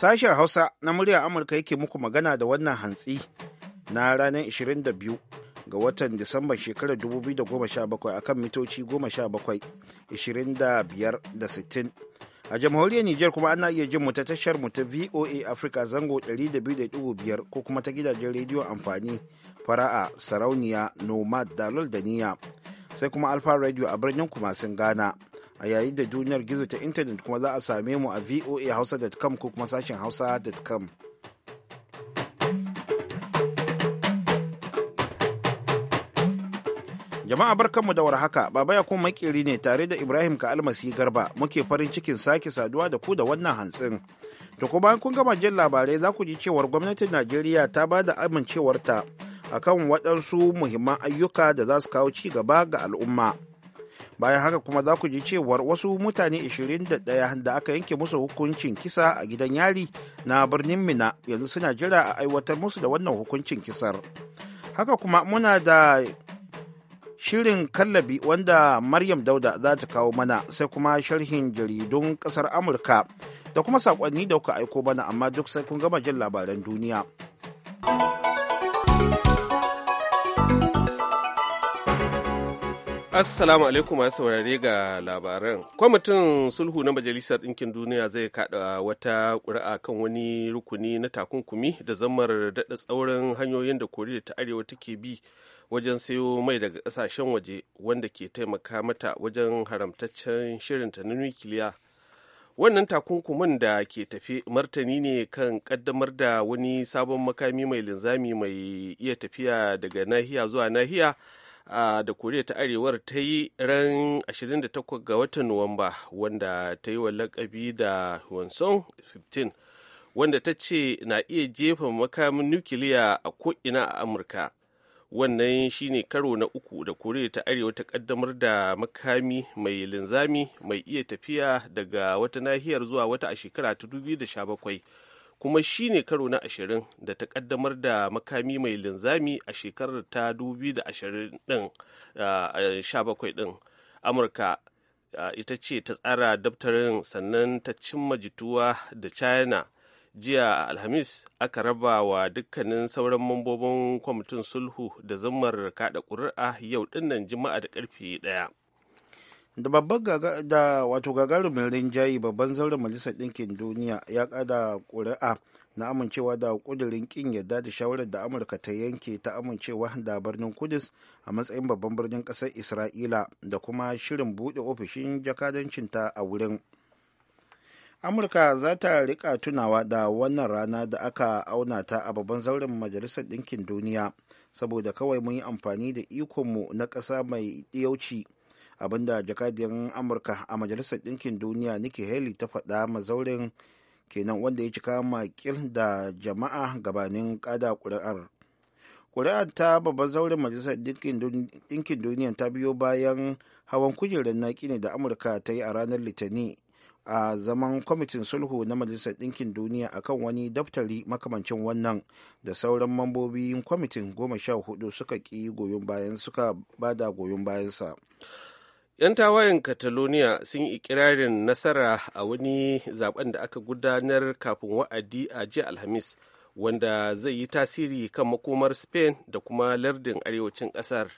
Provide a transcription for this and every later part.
Sashen Hausa na muryar Amurka yake muku magana da wannan hantsi na ranar 22 ga watan Disamba shekarar 2017 akan mitoci 17, da A jamhuriyar Nijar kuma ana iya jin mu ta tashar mu ta VOA Africa zango 200.5 ko kuma ta gidajen rediyo amfani fara'a sarauniya nomad dalol da niya sai kuma alfa radio a birnin kumasin Ghana. a yayin da duniyar gizo ta intanet kuma za a same mu a voahausa.com ko kuma sashen hausa.com jama'a barkanmu da warhaka baba ya kuma makeri ne tare da ibrahim ka almasi garba muke farin cikin sake saduwa da ku da wannan hantsin to ko bayan kun gama jin labarai za ku ji cewar gwamnatin najeriya ta ba da amincewarta akan waɗansu muhimman ayyuka da za su kawo ci gaba ga al'umma bayan haka kuma za ku ji cewar wasu mutane 21 da aka yanke musu hukuncin kisa a gidan yari na birnin mina yanzu suna jira a aiwatar musu da wannan hukuncin kisar haka kuma muna da shirin kallabi wanda maryam dauda za ta kawo mana sai kuma sharhin jaridun kasar amurka da kuma saƙonni da kuka aiko mana amma duk sai kun gama jin labaran duniya. Assalamu alaikum masu saurare ga labaran. Kwamitin sulhu na Majalisar Ɗinkin Duniya zai kaɗa wata ƙuri'a kan wani rukuni na takunkumi da zammar daɗa tsaurin hanyoyin da Koriya ta Arewa take bi wajen sayo mai daga ƙasashen waje wanda ke taimaka mata wajen haramtaccen shirinta na nukiliya. Wannan takunkumin da ke tafi martani ne kan ƙaddamar da wani sabon makami mai linzami mai iya tafiya daga nahiya zuwa nahiya da koriya ta arewar ta yi ran 28 ga watan nuwamba wanda ta yi wa lakabi da wanson 15 wanda ta ce na iya jefa makamin nukiliya a ko'ina a amurka wannan shine karo na uku da koriya ta arewa ta kaddamar da makami mai linzami mai iya tafiya daga wata nahiyar zuwa wata a shekara ta 2017 kuma shi ne karo na ashirin da ta kaddamar da makami mai linzami a shekarar ta 2017 din amurka ita ce ta tsara daftarin sannan ta cimma jituwa da china jiya alhamis aka raba wa dukkanin sauran mambobin kwamitin sulhu da zammar kada kuri'a yau dinnan juma'a da karfe ɗaya. da babban da wato gagarumin rinjaye babban zauren majalisar ɗinkin duniya ya kada ƙuri'a na amincewa da ƙudurin kin yadda da shawarar da amurka ta yanke ta amincewa da birnin kudus a matsayin babban birnin ƙasar isra'ila da kuma shirin buɗe ofishin jakadancinta a wurin amurka za ta rika tunawa da wannan rana da aka auna ta a babban zauren majalisar ɗinkin duniya saboda kawai mun yi amfani da ikonmu na ƙasa mai ɗiyauci abinda jakadiyar amurka a majalisar ɗinkin duniya nikki haley ta faɗa mazaurin kenan wanda ya cika makil da jama'a gabanin ƙada ƙuri'ar ƙuri'ar ta babban zauren majalisar ɗinkin duniya ta biyo bayan hawan kujerar naƙi ne da amurka ta yi a ranar litani a zaman kwamitin sulhu na majalisar ɗinkin duniya akan wani daftari makamancin wannan da sauran mambobin kwamitin goma sha hudu suka ki goyon bayan suka bada goyon bayansa. 'Yan tawayen Catalonia sun yi ikirarin nasara a wani zaben da aka gudanar kafin wa'adi a jiya Alhamis, wanda zai yi tasiri kan makomar Spain da kuma lardin arewacin ƙasar.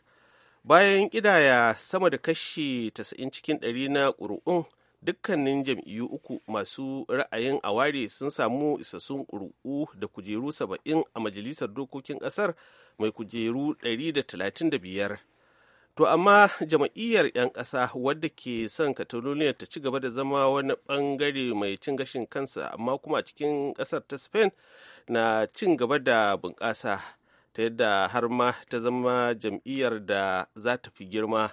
Bayan ƙidaya sama da kashi 90 cikin 100 na ƙuri'un dukkanin jam'iyyu uku masu ra'ayin aware sun samu isassun ƙuri'u da kujeru 70 a majalisar dokokin ƙasar mai kujeru 135. To amma jama'iyyar 'yan ƙasa wadda ke son Catalonia ta ci gaba da zama wani ɓangare mai cin gashin kansa amma kuma a cikin ƙasar ta Spain na cin gaba da bunƙasa ta yadda har ma ta zama jam'iyyar da za ta fi girma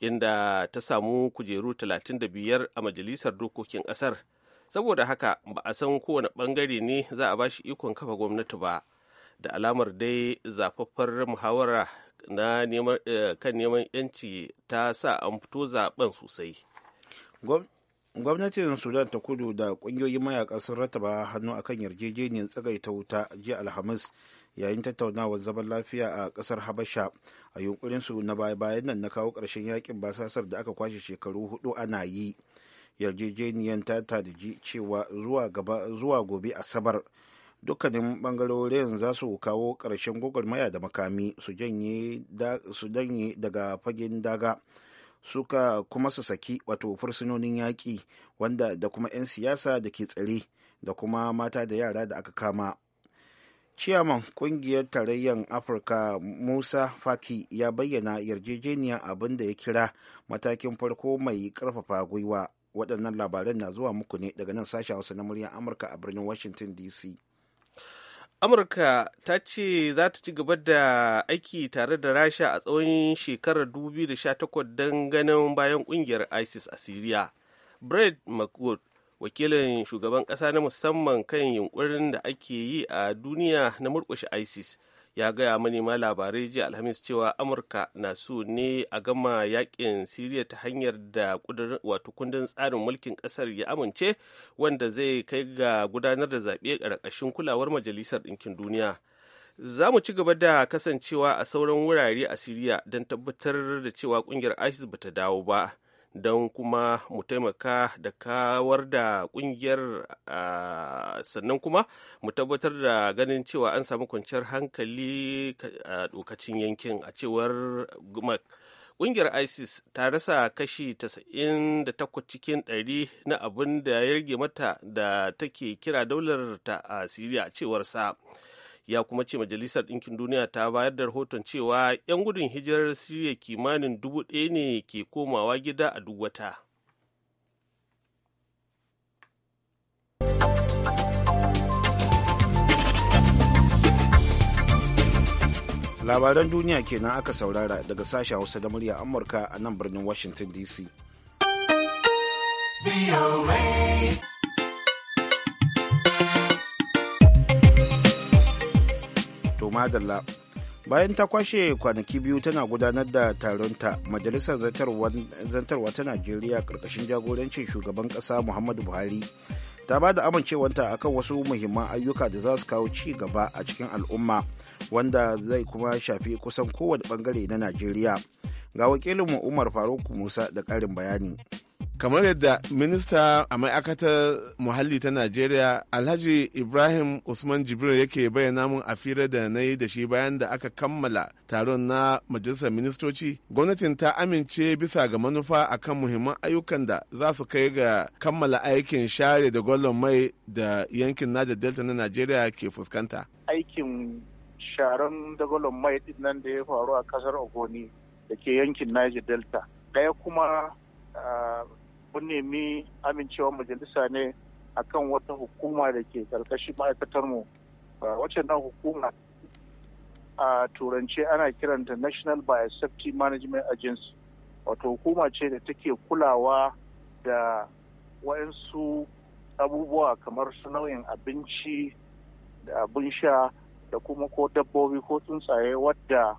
inda ta samu kujeru 35 a majalisar dokokin ƙasar. Saboda haka ba a san kowane ɓangare ne za a ba ikon kafa gwamnati ba. da alamar dai zafaffar muhawara na eh, kan neman yanci ta sa an fito zaben sosai gwamnatin sudan ta kudu da kungiyoyin mayaka sun rataba hannu akan yarjejeniyar tsagaita wuta jiya alhamis yayin tattaunawar zaman lafiya a kasar habasha a yunkurin su na baya-bayan nan na kawo karshen yakin basasar da aka kwashe shekaru hudu ana yi yarjejeniyar ta tadaji cewa zuwa gobe asabar dukkanin bangarorin za su kawo ƙarshen gwagwarmaya da makami su janye daga fagen daga suka kuma su saki wato fursunonin yaƙi wanda da kuma 'yan siyasa da ke tsare da kuma mata da yara da aka kama ciyaman kungiyar tarayyar afirka musa faki ya bayyana yarjejeniya abin da ya kira matakin farko mai karfafa gwiwa waɗannan labaran na zuwa muku ne daga nan sashen hausa na muryar amurka a birnin washington dc amurka ta ce za ta ci gaba da aiki tare da rasha a tsawon shekarar 2018 don ganin bayan kungiyar isis a syria brad mcwood wakilin shugaban kasa na musamman kan yunkurin da ake yi a duniya na murkushe isis ya gaya manema labarai jiya alhamis cewa amurka na so ne a gama yakin siriya ta hanyar da wato kundin tsarin mulkin kasar ya amince wanda zai kai ga gudanar da zaɓe ƙarƙashin kulawar majalisar ɗinkin duniya za mu ci gaba da kasancewa a sauran wurare a siriya don tabbatar da cewa ƙungiyar isis ta dawo ba don kuma mu taimaka da kawar da kungiyar sannan kuma mu tabbatar da ganin cewa an samu kwanciyar hankali a dokacin yankin a cewar gumak kungiyar isis ta rasa kashi 98 cikin 100 na abin da ya rage mata da take kira daular ta a siriya cewar sa ya kuma ce majalisar ɗinkin duniya ta bayar da rahoton cewa 'yan gudun hijirar siriya kimanin dubu ɗaya ne ke komawa gida a duk wata labaran duniya kenan aka saurara daga sashen hausa da murya amurka a nan birnin washington dc madalla bayan ta kwashe kwanaki biyu tana gudanar da taronta majalisar zantarwa ta najeriya ƙarƙashin jagorancin shugaban ƙasa muhammadu buhari ta ba da amincewanta akan wasu muhimman ayyuka da za su kawo ci gaba a cikin al'umma wanda zai kuma shafi kusan kowane bangare na najeriya ga wakilinmu umar faruk musa da ƙarin bayani kamar yadda minista a ma'aikatar muhalli ta najeriya alhaji ibrahim usman jibril yake bayyana mun a fira da na yi da shi bayan da aka kammala taron na majalisar ministoci gwamnatin ta amince bisa ga manufa akan muhimman ayyukan da za su kai ga kammala aikin share da gwallon mai da yankin naja delta na najeriya ke fuskanta aikin sharan dagwalon mai nan da ya faru a kasar ogoni da ke yankin naja delta daya kuma ah, mun nemi amincewar majalisa ne akan wata hukuma da ke karkashin mu wacce nan hukuma a turance ana kiranta national biosafety management agency wato hukuma ce da take kulawa da waɗansu abubuwa kamar su nau'in abinci da abin sha da kuma ko dabbobi ko tsuntsaye wadda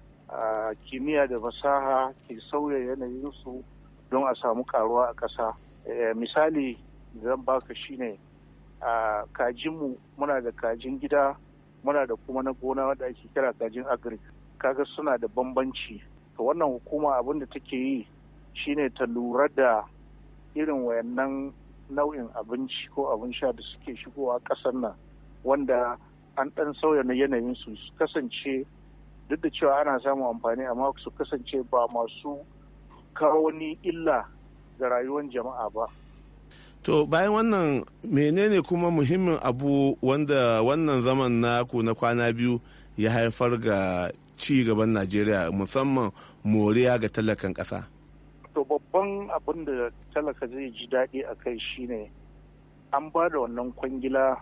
kimiyya da fasaha ke sauya yanayinsu don a samu karuwa a ƙasa eh, misali zan baka shine a kajinmu muna da kajin gida muna da kuma na gona wanda ake kira kajin agric kaga suna da bambanci to wannan hukuma abin da take yi shine ta lura da irin wayannan nau'in abinci ko abin sha da suke shigowa ƙasar nan wanda an ɗan sauya na yanayin su kasance duk da cewa ana samun amfani amma su kasance ba masu kawo wani illa ga rayuwar jama'a ba To bayan wannan menene kuma muhimmin abu wanda wannan zaman naku na kwana biyu ya haifar ga ci gaban Najeriya musamman moriya ga talakan ƙasa? To babban abin da talaka zai ji daɗi a kai shine an ba da wannan kwangila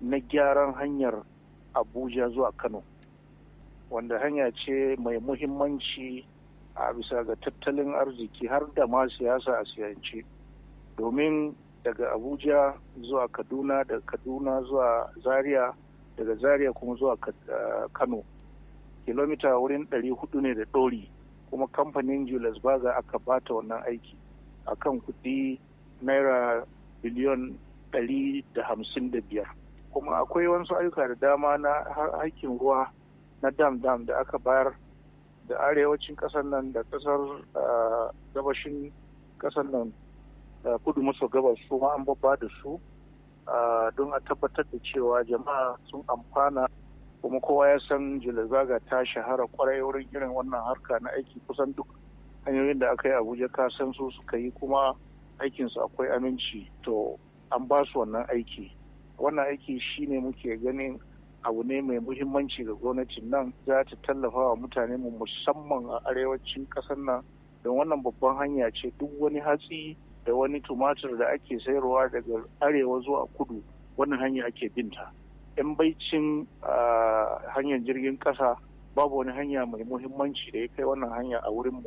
na gyaran hanyar Abuja zuwa Kano wanda hanya ce mai muhimmanci a bisa ga tattalin arziki har da ma siyasa a siyance domin daga abuja zuwa kaduna daga kaduna zuwa zaria daga zaria kuma zuwa kano kilomita wurin 400 ne da ɗori kuma kamfanin julius baga aka bata wannan aiki akan kudi naira biliyon 155 kuma akwai wasu ayyuka da dama na haƙƙin ruwa na dam dam da aka bayar da arewacin ƙasar nan da kasar gabashin ƙasar nan kudu maso gabas su ma an babba da su don a tabbatar da cewa jama'a sun amfana kuma kowa ya san jilazaga ta shahara kwarai wurin irin wannan harka na aiki kusan duk hanyoyin da aka yi abuja ka san su suka yi kuma aikinsu akwai aminci to an ba su wannan aiki wannan aiki shine muke ganin abu ne mai muhimmanci ga gwamnatin nan za ta tallafa wa mutane mu musamman a arewacin ƙasar nan don wannan babban hanya ce duk wani hatsi da wani tumatir da ake sayarwa daga arewa zuwa kudu wannan hanya ake binta yan baicin hanyar jirgin ƙasa babu wani hanya mai muhimmanci da ya kai wannan hanya a wurinmu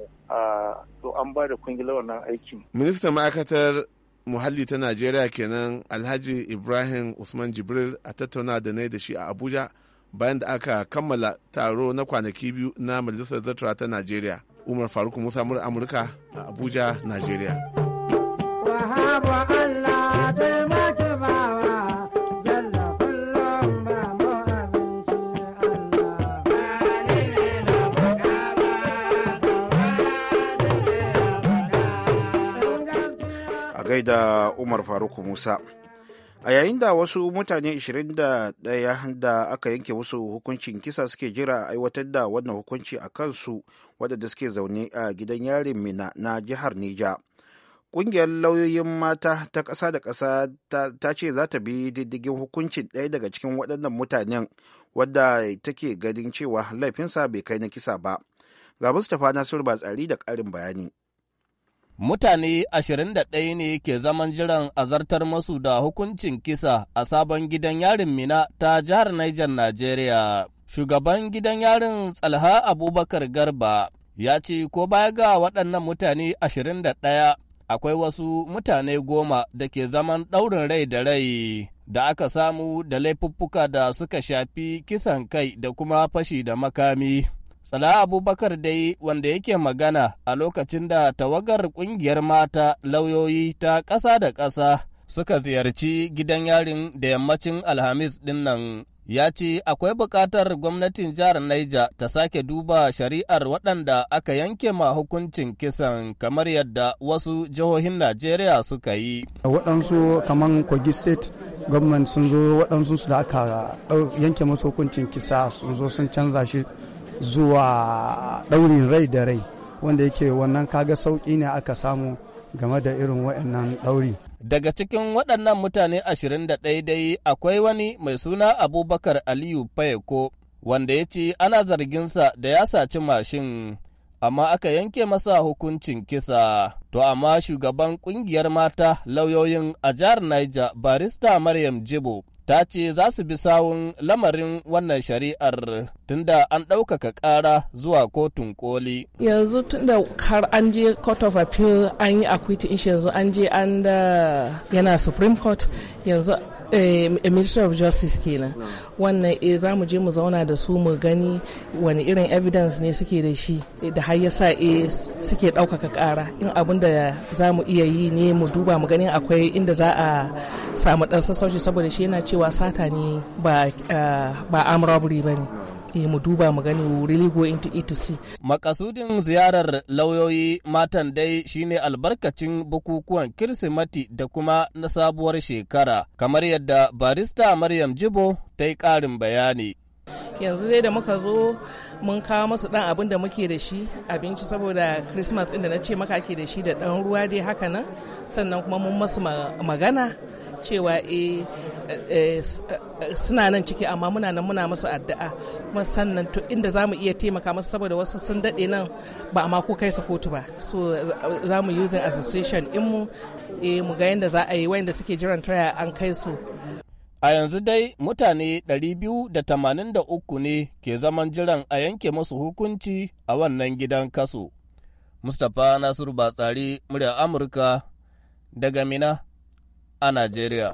to an ba da kungiyar wannan aikin ministan ma'aikatar muhalli ta najeriya kenan alhaji ibrahim usman jibril a tattauna da na da shi a abuja bayan da aka kammala taro na kwanaki biyu na majalisar zartura ta najeriya umar faruk musa mura amurka a abuja najeriya gaida umar faruk musa a yayin da wasu mutane 21 da aka yanke musu hukuncin kisa suke jira aiwatar da wannan hukunci a kansu waɗanda suke zaune a gidan yarin mina na jihar nija ƙungiyar lauyoyin mata ta ƙasa da ƙasa ta ce za ta bi diddigin hukuncin ɗaya daga cikin waɗannan mutanen wadda take ganin cewa laifinsa bai kai na kisa ba ga mustapha nasiru ba tsari da ƙarin bayani Mutane 21 ne ke zaman jiran azartar masu da hukuncin kisa a sabon gidan yarin Mina ta jihar Niger, Najeriya. Shugaban gidan yarin Tsalha Abubakar Garba ya ce ko baya ga waɗannan mutane ɗaya akwai wasu mutane goma da ke zaman ɗaurin rai da rai da aka samu da laifuffuka da suka shafi kisan kai da kuma fashi da makami. Sala Abubakar dai wanda yake magana a lokacin da tawagar ƙungiyar mata lauyoyi ta ƙasa da ƙasa suka ziyarci gidan yarin da yammacin Alhamis ɗin nan. Ya ce akwai buƙatar gwamnatin jihar Niger ta sake duba shari'ar waɗanda aka yanke ma hukuncin kisan kamar yadda wasu jihohin Najeriya suka yi. Waɗansu kamar Kogi State gwamnati sun zo waɗansu su da aka yanke masu hukuncin kisa sun zo sun canza shi zuwa ɗaurin rai da rai wanda yake wannan kaga sauƙi ne aka samu game da irin waɗannan ɗauri. Daga cikin waɗannan mutane 21 dai akwai wani mai suna Abubakar Aliyu Fayeko wanda ya ce ana zarginsa da ya saci mashin amma aka yanke masa hukuncin kisa. To amma shugaban ƙungiyar mata lauyoyin a jihar Niger barista Maryam Jibo ta ce za su bi sawun lamarin wannan shari'ar tunda an ɗaukaka ƙara zuwa kotun koli. Yanzu tunda har an je Court of Appeal an yi akwiti yanzu an je an da yana Supreme Court yanzu eh, ministry of justice kenan wannan eh, za mu je mu zauna da su mu gani wani irin evidence ne suke da shi eh, da har yasa eh, suke ɗaukaka ƙara in abin da za mu iya yi ne mu duba mu gani akwai inda za a samu ɗan sassauci saboda shi yana cewa sata ne ba, uh, ba robbery ba ne Eh, mu duba mu gani wuri really go into it to see. Makasudin ziyarar lauyoyi matan dai shine albarkacin bukukuwan Kirsimati da kuma na sabuwar shekara kamar yadda barista Maryam Jibo ta yi ƙarin bayani. yanzu dai da muka zo mun kawo masu ɗan abin da muke da shi abinci saboda christmas da na ce maka ke da shi da ɗan ruwa dai haka nan sannan kuma mun masu magana cewa e suna nan ciki amma muna nan muna musu addu'a kuma sannan to inda za mu iya taimaka musu saboda wasu sun daɗe nan ba a mako kai su kotu ba so za mu using association in mu mu ga yadda za a yi wayanda suke jiran traya an kai su A yanzu dai mutane 283 ne ke zaman jiran a yanke masu hukunci a wannan gidan kaso. Mustapha Nasiru Batsari, murya Amurka, daga Mina a Najeriya.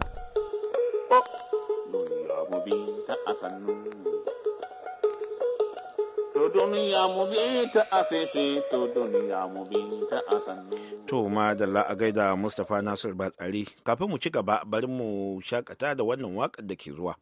To ma da a gaida Mustapha Nasir Batsari kafin mu ci gaba bari mu shakata da wannan waƙar da ke zuwa.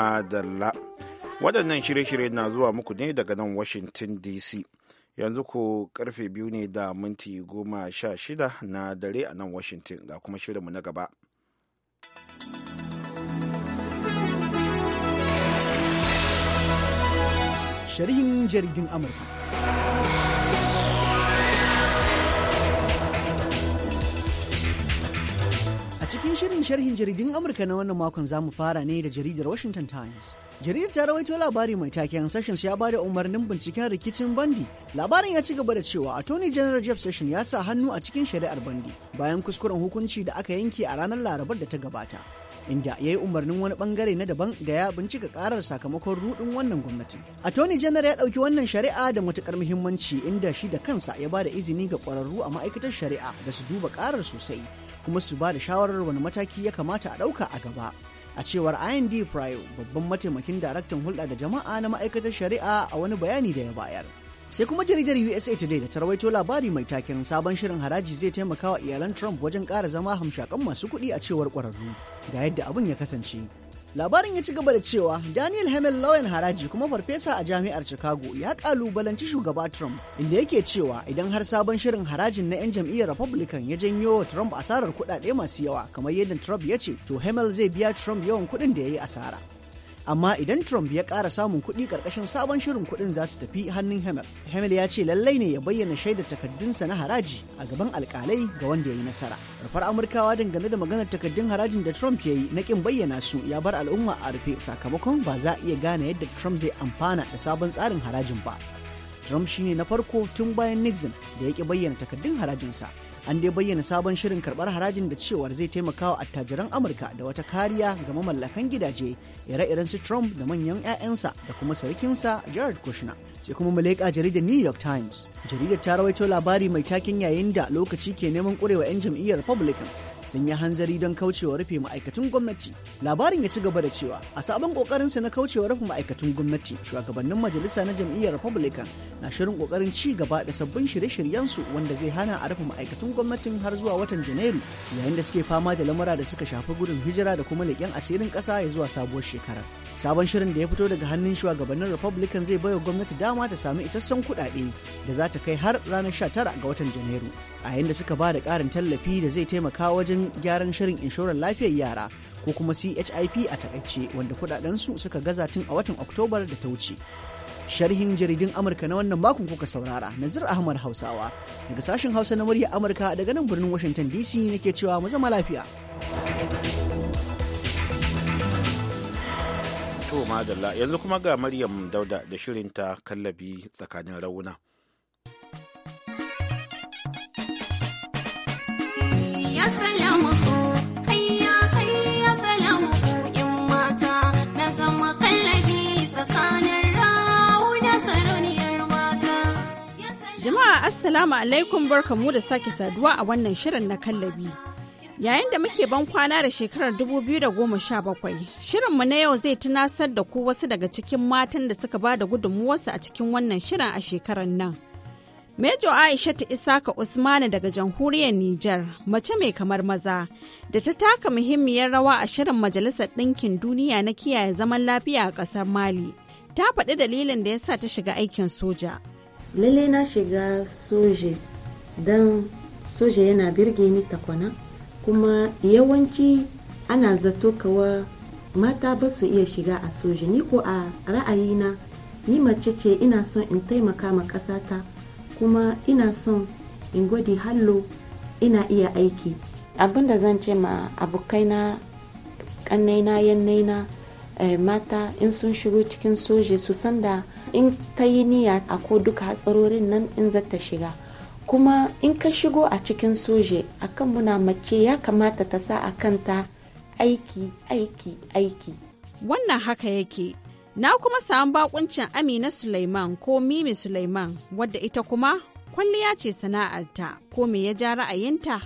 madalla waɗannan shirye-shirye na zuwa muku ne daga nan washington dc yanzu ko karfe biyu ne da minti goma sha shida na dare a nan washington ga kuma shirinmu na gaba sharhin jaridin amurka cikin shirin sharhin jaridun Amurka na wannan makon za mu fara ne da jaridar Washington Times. Jaridar ta rawaito labari mai taken Sessions ya bada umarnin binciken rikicin Bandi. Labarin ya ci gaba da cewa Attorney General Jeff Sessions ya sa hannu a cikin shari'ar Bandi bayan kuskuren hukunci da aka yanke a ranar Larabar da ta gabata. inda ya yi umarnin wani bangare na daban da ya bincika karar sakamakon rudin wannan gwamnati. Attorney General ya ɗauki wannan shari'a da matukar muhimmanci inda shi da kansa ya ba da izini ga ƙwararru a ma'aikatar shari'a da su duba karar sosai kuma su ba da shawarar wani mataki ya kamata a ɗauka a gaba. A cewar IND prio babban mataimakin daraktan hulɗa da jama'a na ma'aikatar shari'a a wani bayani da ya bayar. Sai kuma jaridar USA Today da ta rawaito labari mai taken sabon shirin haraji zai taimaka wa iyalan Trump wajen ƙara zama hamshakan masu kuɗi a cewar ƙwararru ga yadda abin ya kasance. labarin ya ci gaba da cewa daniel hamel lauyan haraji kuma farfesa a jami'ar chicago ya kalubalanci shugaba trump inda yake cewa idan har sabon shirin harajin na 'yan jam'iyyar republican ya janyo wa trump asarar kuɗaɗe masu yawa kamar yadda trump ya ce to hamel zai biya trump yawan kuɗin da ya yi asara amma idan Trump ya ƙara samun kuɗi ƙarƙashin sabon shirin kuɗin za su tafi hannun Hamel. Hamel ya ce lallai ne ya bayyana shaidar takardunsa na haraji a gaban alƙalai ga wanda ya yi nasara. Rufar Amurkawa dangane da maganar takardun harajin da Trump ya yi na ƙin bayyana su ya bar al'umma a rufe sakamakon ba za a iya gane yadda Trump zai amfana da sabon tsarin harajin ba. Trump shine na farko tun bayan Nixon da ya ƙi bayyana takardun harajinsa. an dai bayyana sabon shirin karbar harajin da cewar zai taimakawa attajiran amurka da wata kariya ga mamallakan gidaje ire-iren su trump da manyan 'ya'yansa da kuma sarkinsa jared kushner sai kuma malaika jaridar new york times jaridar ta rawaito labari mai takin yayin da lokaci ke neman kurewa 'yan jam'iyyar republican sun yi hanzari don kaucewa rufe ma'aikatan gwamnati labarin ya ci gaba da cewa a sabon su na kaucewa rufe ma'aikatan gwamnati shugabannin majalisa na jam'iyyar republican na shirin kokarin ci gaba da sabbin shirye shiryen su wanda zai hana a rufe ma'aikatan gwamnatin har zuwa watan janairu yayin da suke fama da lamura da suka shafi gudun hijira da kuma leƙen asirin ƙasa ya zuwa sabuwar shekarar sabon shirin da ya fito daga hannun shugabannin republican zai baiwa gwamnati dama ta sami isasshen kuɗaɗe da za ta kai har ranar 19 ga watan janairu a yayin da suka ba da karin tallafi da zai taimaka wajen gyaran shirin inshorar lafiyar yara ko kuma chip a takaice wanda su suka gaza tun a watan oktobar da ta wuce sharhin jaridun amurka na wannan makon kuka saurara nazir ahmad hausawa daga sashen hausa na murya amurka daga nan birnin washington dc nake cewa mu zama lafiya thank you To madalla yanzu kuma ga Maryam Dauda da shirinta kallabi tsakanin rauna. mata na zama kallabi tsakanin rauna Jama'a Assalamu alaikum barkamu da sake saduwa a wannan shirin na kallabi. Yayin da muke ban kwana da shekarar 2017, shirinmu na yau zai tunasar da ku wasu daga cikin matan da suka ba da gudunmuwarsu a cikin wannan shirin a shekarar nan. Mejo Aishatu Isaka Usmani daga jamhuriyar Nijar, mace mai kamar maza, da ta taka muhimmiyar rawa a shirin Majalisar Ɗinkin Duniya na kiyaye zaman lafiya a ƙasar Mali. Ta faɗi dalilin da ya sa ta shiga aikin soja. Lallai na shiga soje don soje yana birge ni takwana. kuma yawanci ana zato kawa mata ba su iya shiga a soja ni ko a ra'ayina ni mace ce ina son in taimaka ma ƙasata kuma ina son in gwadi hallo ina iya aiki abin da zan ce ma abokaina ƙannaina yannaina eh, mata in sun shigo cikin soji su sanda in ta yi niyya a ko duka hatsarorin nan in zata shiga kuma in ka shigo a cikin soje akan muna mace ya kamata ta sa a kanta aiki aiki aiki wannan haka yake na kuma samu bakuncin amina suleiman ko mimi suleiman wadda ita kuma kwalliya ce sana'arta ko me ya ja ra'ayinta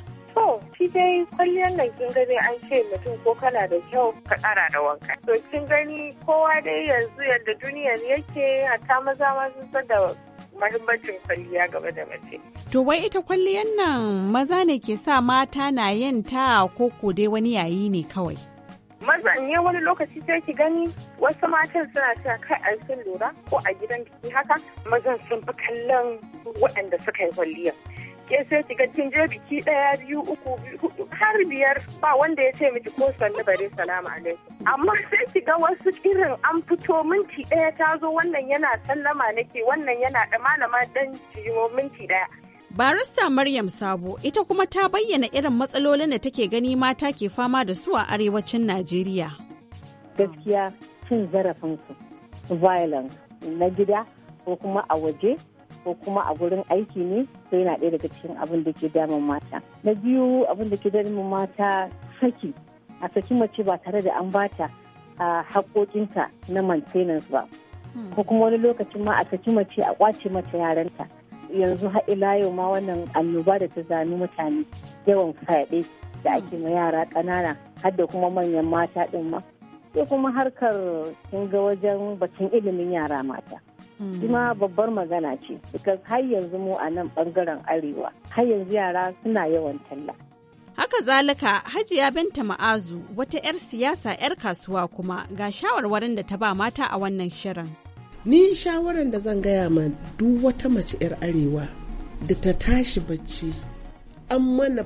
shi dai kwalliyar nan kin gani an ce mutum ko kana da kyau ka kara da wanka to kin gani kowa dai yanzu yadda duniyar yake hatta maza ma sun da mahimmancin kwalliya gaba da mace. To wai ita kwalliyan nan maza ne ke sa mata na yin ta ko ko dai wani yayi ne kawai. Maza ne wani lokaci sai ki gani wasu matan suna cewa kai a sun lura ko a gidan biki haka mazan sun fi kallon waɗanda suka yi kwalliya. ke sai ki ga kin je biki daya biyu uku hudu har biyar ba wanda ya ce miki ko sanni bare salamu alaikum amma sai ki ga wasu irin an fito minti daya ta zo wannan yana sallama nake wannan yana da malama dan jiyo minti daya Barista Maryam Sabo ita kuma ta bayyana irin matsalolin da take gani mata ke fama da su a arewacin Najeriya. Gaskiya cin zarafinsu, violence na gida ko kuma a waje ko kuma a gurin aiki ne sai yana ɗaya daga cikin abin da ke damun mata na biyu abin da ke damun mata saki a saki mace ba tare da an bata a haƙoƙinta na maintenance ba hmm. ko kuma wani lokacin ma a saki mace a ƙwace mata yaranta yanzu ila yau ma wannan annoba da ta zami mutane yawan fyaɗe da hmm. ake ma yara ƙanana har da kuma manyan mata ɗin ma sai kuma harkar kin ga wajen batun ilimin yara mata shi babbar magana ce because har yanzu mu a nan bangaren arewa har yanzu yara suna yawan talla haka zalika hajiya binta ma'azu wata 'yar siyasa 'yar kasuwa kuma ga shawarwarin da ta ba mata a wannan shirin ni shawaran da zan gaya ma duk wata mace 'yar arewa da ta tashi bacci an mana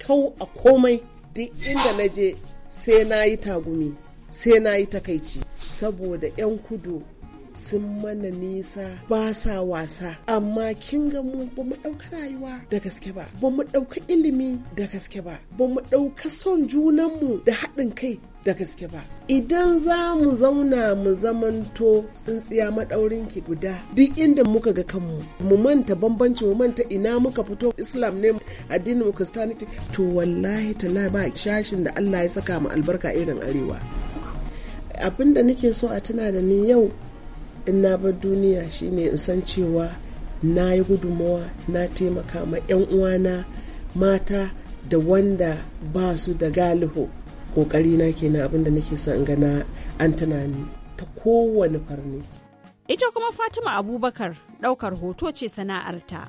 kau a komai duk inda na je sai na yi tagumi sai na yi takaici saboda 'yan kudu sun mana nisa ba sa wasa amma kin ga mu ba mu ɗauka rayuwa da gaske ba ba mu ɗauka ilimi da gaske ba ba mu ɗauka son junanmu da haɗin kai da gaske ba idan za mu zauna mu zamanto tsintsiya ki guda duk inda muka ga kanmu mu manta bambanci mu manta ina muka fito islam ne addinin mu christianity to wallahi tala ba shashin da allah ya saka mu albarka irin arewa abinda nake so a tuna da ni yau in na bar duniya shine in san cewa na yi gudunmawa na taimaka ma 'yan uwana mata da wanda ba su da galihu kokari na ke abin da nake son gana an tunani ta kowane farni ita kuma fatima abubakar ɗaukar hoto ce sana'arta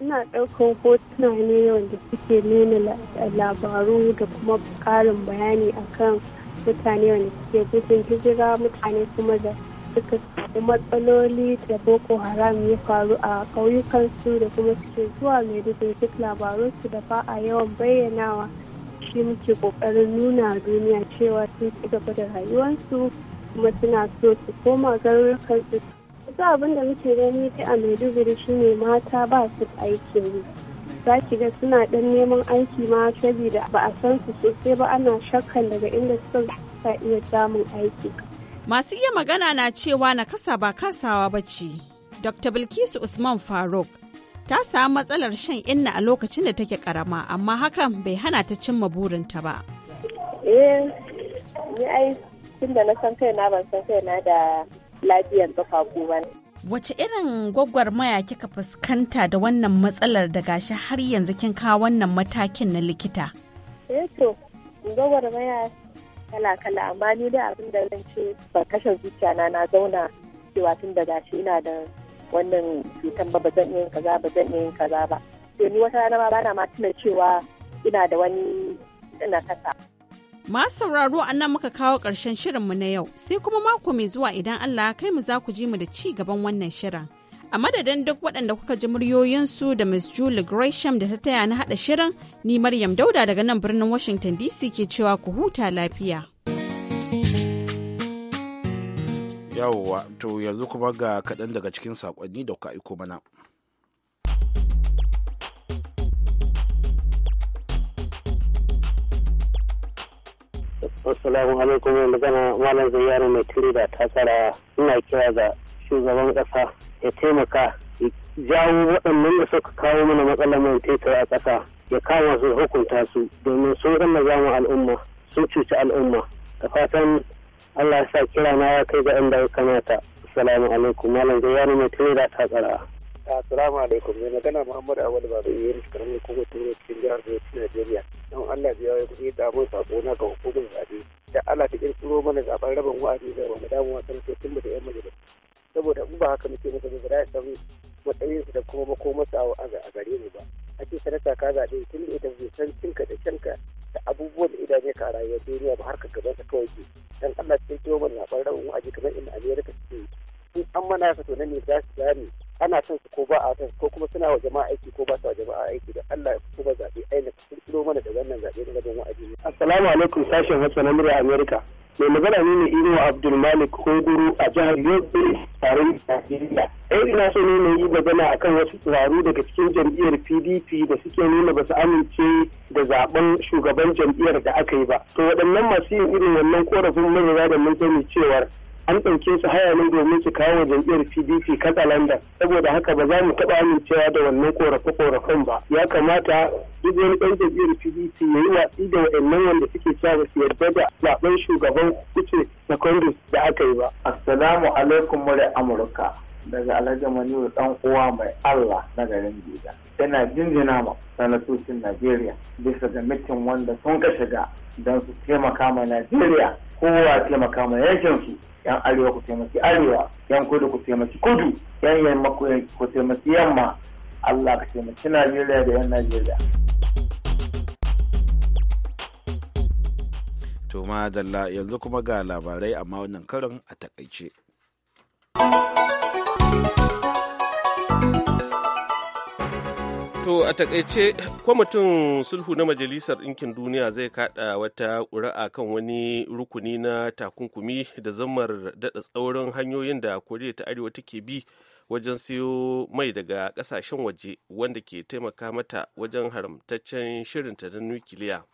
ina ɗaukar hotuna ne wanda suke nuna labaru da kuma ƙarin bayani akan mutane wanda suke gudun hijira mutane kuma da suka matsaloli da boko haram ya faru a ƙauyukansu da kuma suke zuwa maiduguri duk labarunsu da ba a yawan bayyanawa shi muke ƙoƙarin nuna duniya cewa sun ci gaba da rayuwarsu kuma suna so su koma garurukansu wasu abin da muke gani dai a maiduguri shine mata ba su aikin yi za ki ga suna ɗan neman aiki ma saboda ba a san su sosai ba ana shakkan daga inda suka iya samun aiki Masu iya magana na cewa na kasa ba kasawa ba ce. Dr. Bilkisu Usman Faruk ta samu matsalar shan inna a lokacin da take karama amma hakan bai hana ta cimma burinta ba. Eh, ba. Wace irin gwagwarmaya kika fuskanta da wannan matsalar da gashi har yanzu kin kawo wannan matakin na likita? Eh to, gwagwarmaya kala-kala amma ni da abin da zan ce ba kashe zuciya na na zauna cewa tun da gashi ina da wannan cutan ba ba zan yin kaza ba zan iya yin kaza ba to ni wata rana ma bana ma tuna cewa ina da wani ina kasa Masu sauraro a nan muka kawo ƙarshen shirinmu na yau sai kuma mako mai zuwa idan Allah kai mu za ku ji mu da ci gaban wannan shirin. A madadin duk waɗanda kuka ji muryoyinsu da Miss Julie Gresham da ta taya na haɗa shirin, ni Maryam Dauda daga nan birnin Washington DC ke cewa ku huta lafiya. Yawwa, to yanzu kuma ga kaɗan daga cikin saƙonni da kuka aiko mana. Assalamu alaikum magana malam zai yaro mai turi da takara ina kira ga shugaban ƙasa ya taimaka ya jawo waɗannan da suka kawo mana matsalar mai fetur a ƙasa ya kama su hukunta su domin sun zama zamu al'umma sun cuci al'umma da fatan Allah ya sa kira na ya kai ga inda ya kamata assalamu alaikum malam da yana mai tuni da takara assalamu alaikum mai magana muhammad awal baba yi karamin kogo turo cikin jihar bauchi najeriya don allah ya yi kuɗi da mun sako na ga hukumar zaɓe da allah ta kirkiro mana zaɓen rabin wa'adi da wani damuwa sanatocin mu da yan majalisa saboda in ba haka muke masa ba za su matsayin su da kuma makomarsu a gare mu ba ake ce sanata ka zaɓe tun da ita bai san cinka da canka da abubuwan da ya ka a rayuwar duniya ba har ka gaban ta kawai ke dan Allah cikin kiwo ban na aji aji kamar inda Amerika suke in an mana haka to nan ne za su gane ana son su ko ba a son ko kuma suna wa jama'a aiki ko ba su wa jama'a aiki da Allah ya kuma zaɓe aina sun kiro mana da wannan zaɓe na gaban wa'adi. Assalamu alaikum sashen Hausa na murya Amerika. Mai magana ne ne Imo Abdulmalik Koguru a jihar Yobe tarin Najeriya. Ɗaya eh, ina so ne mai yi magana akan wasu tsaro daga cikin jam'iyyar PDP da suke nuna ba su amince da zaben shugaban jam'iyyar da aka yi ba. To waɗannan masu yin irin wannan korafin mun da mun sani cewar an ɗauke su haya ne domin su kawo jam'iyyar pdp katsalandan saboda haka ba za mu taɓa amincewa da wannan korafe-korafen ba ya kamata duk wani ɗan jam'iyyar pdp ya yi watsi da wa'annan wanda suke cewa ba su yarda da zaɓen shugaban kuce na congress da aka yi ba assalamu alaikum mure amurka daga alhaji maniyu dan uwa mai allah na garin jega yana jinjina ma sanatocin najeriya bisa ga mitin wanda sun ka shiga don su taimaka ma najeriya kowa taimaka ma yankin su yan arewa ku taimaki arewa yan kudu ku taimaki kudu yan yamma ku taimaki yamma allah ka taimaki najeriya da yan najeriya to madalla yanzu kuma ga labarai amma wannan karin a takaice. To a takaice kwamitin sulhu na Majalisar Ɗinkin Duniya zai kaɗa wata ƙuri'a kan wani rukuni na takunkumi da zammar daɗa tsaurin hanyoyin da Koriya ta Arewa take bi wajen siyo mai daga ƙasashen waje wanda ke taimaka mata wajen haramtaccen shirinta na nukiliya.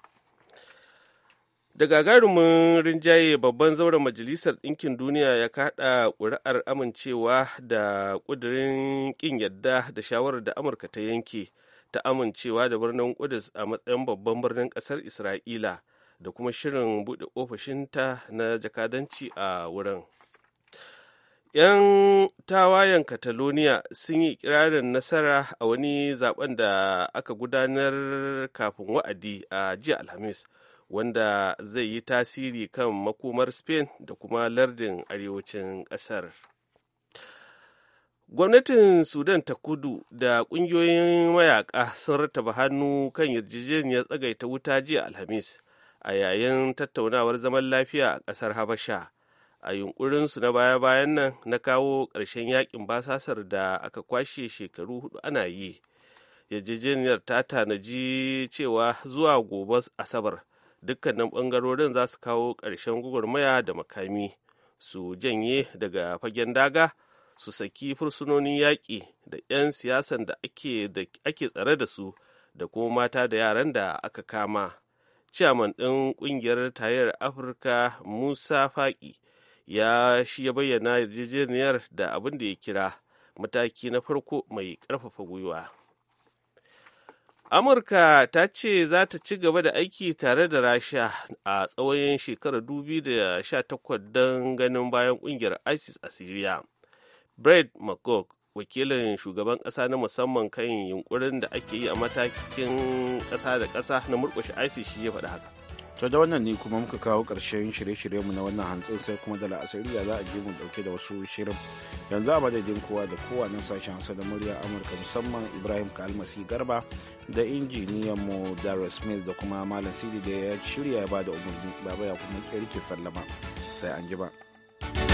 da gagarumin rinjaye babban zauren majalisar ɗinkin duniya ya kaɗa ƙuri'ar amincewa da ƙudurin ƙin yadda da shawarar da amurka ta yanke ta amincewa da birnin Kudus a matsayin babban birnin ƙasar Isra'ila da kuma shirin buɗe ofishinta na jakadanci a wurin. 'Yan tawayen Catalonia sun yi kirarin nasara a wani zaben da aka gudanar kafin wa'adi a jiya Alhamis, wanda zai yi tasiri kan makomar Spain da kuma lardin arewacin ƙasar. gwamnatin sudan ta kudu da ƙungiyoyin mayaka sun rattaba hannu kan yarjejeniyar tsagaita wuta jiya alhamis a yayin tattaunawar zaman lafiya a ƙasar habasha a yunkurinsu na baya-bayan nan na kawo ƙarshen yakin basasar da aka kwashe shekaru hudu ana yi yarjejeniyar ta tanaji cewa zuwa gobe asabar dukkanin ɓangarorin za su kawo ƙarshen maya da makami su janye daga fagen daga su saki fursunonin yaƙi da 'yan siyasan da ake tsare da su da kuma mata da yaran da aka kama ciyaman ɗin ƙungiyar tarayyar afirka musa faƙi ya shi ya bayyana yarjejeniyar da abin da ya kira mataki na farko mai ƙarfafa gwiwa amurka ta ce za ta ci gaba da aiki tare da rasha a tsawon shekarar 2018 don ganin bayan ƙungiyar isis a siriya brad mcgurk wakilin shugaban ƙasa na musamman kan yunkurin da ake yi a matakin ƙasa da ƙasa na murƙushe isis shi ya faɗi haka to da wannan ne kuma muka kawo ƙarshen shirye-shiryenmu na wannan hantsin sai kuma da da za a je mu ɗauke da wasu shirin yanzu a madadin kowa da kowa na sashen hausa da murya amurka musamman ibrahim kalmasi garba da injiniyan mu dara smith da kuma malam sidi da ya shirya ya ba da umarni baba ya kuma ƙirƙi sallama sai an ji ba.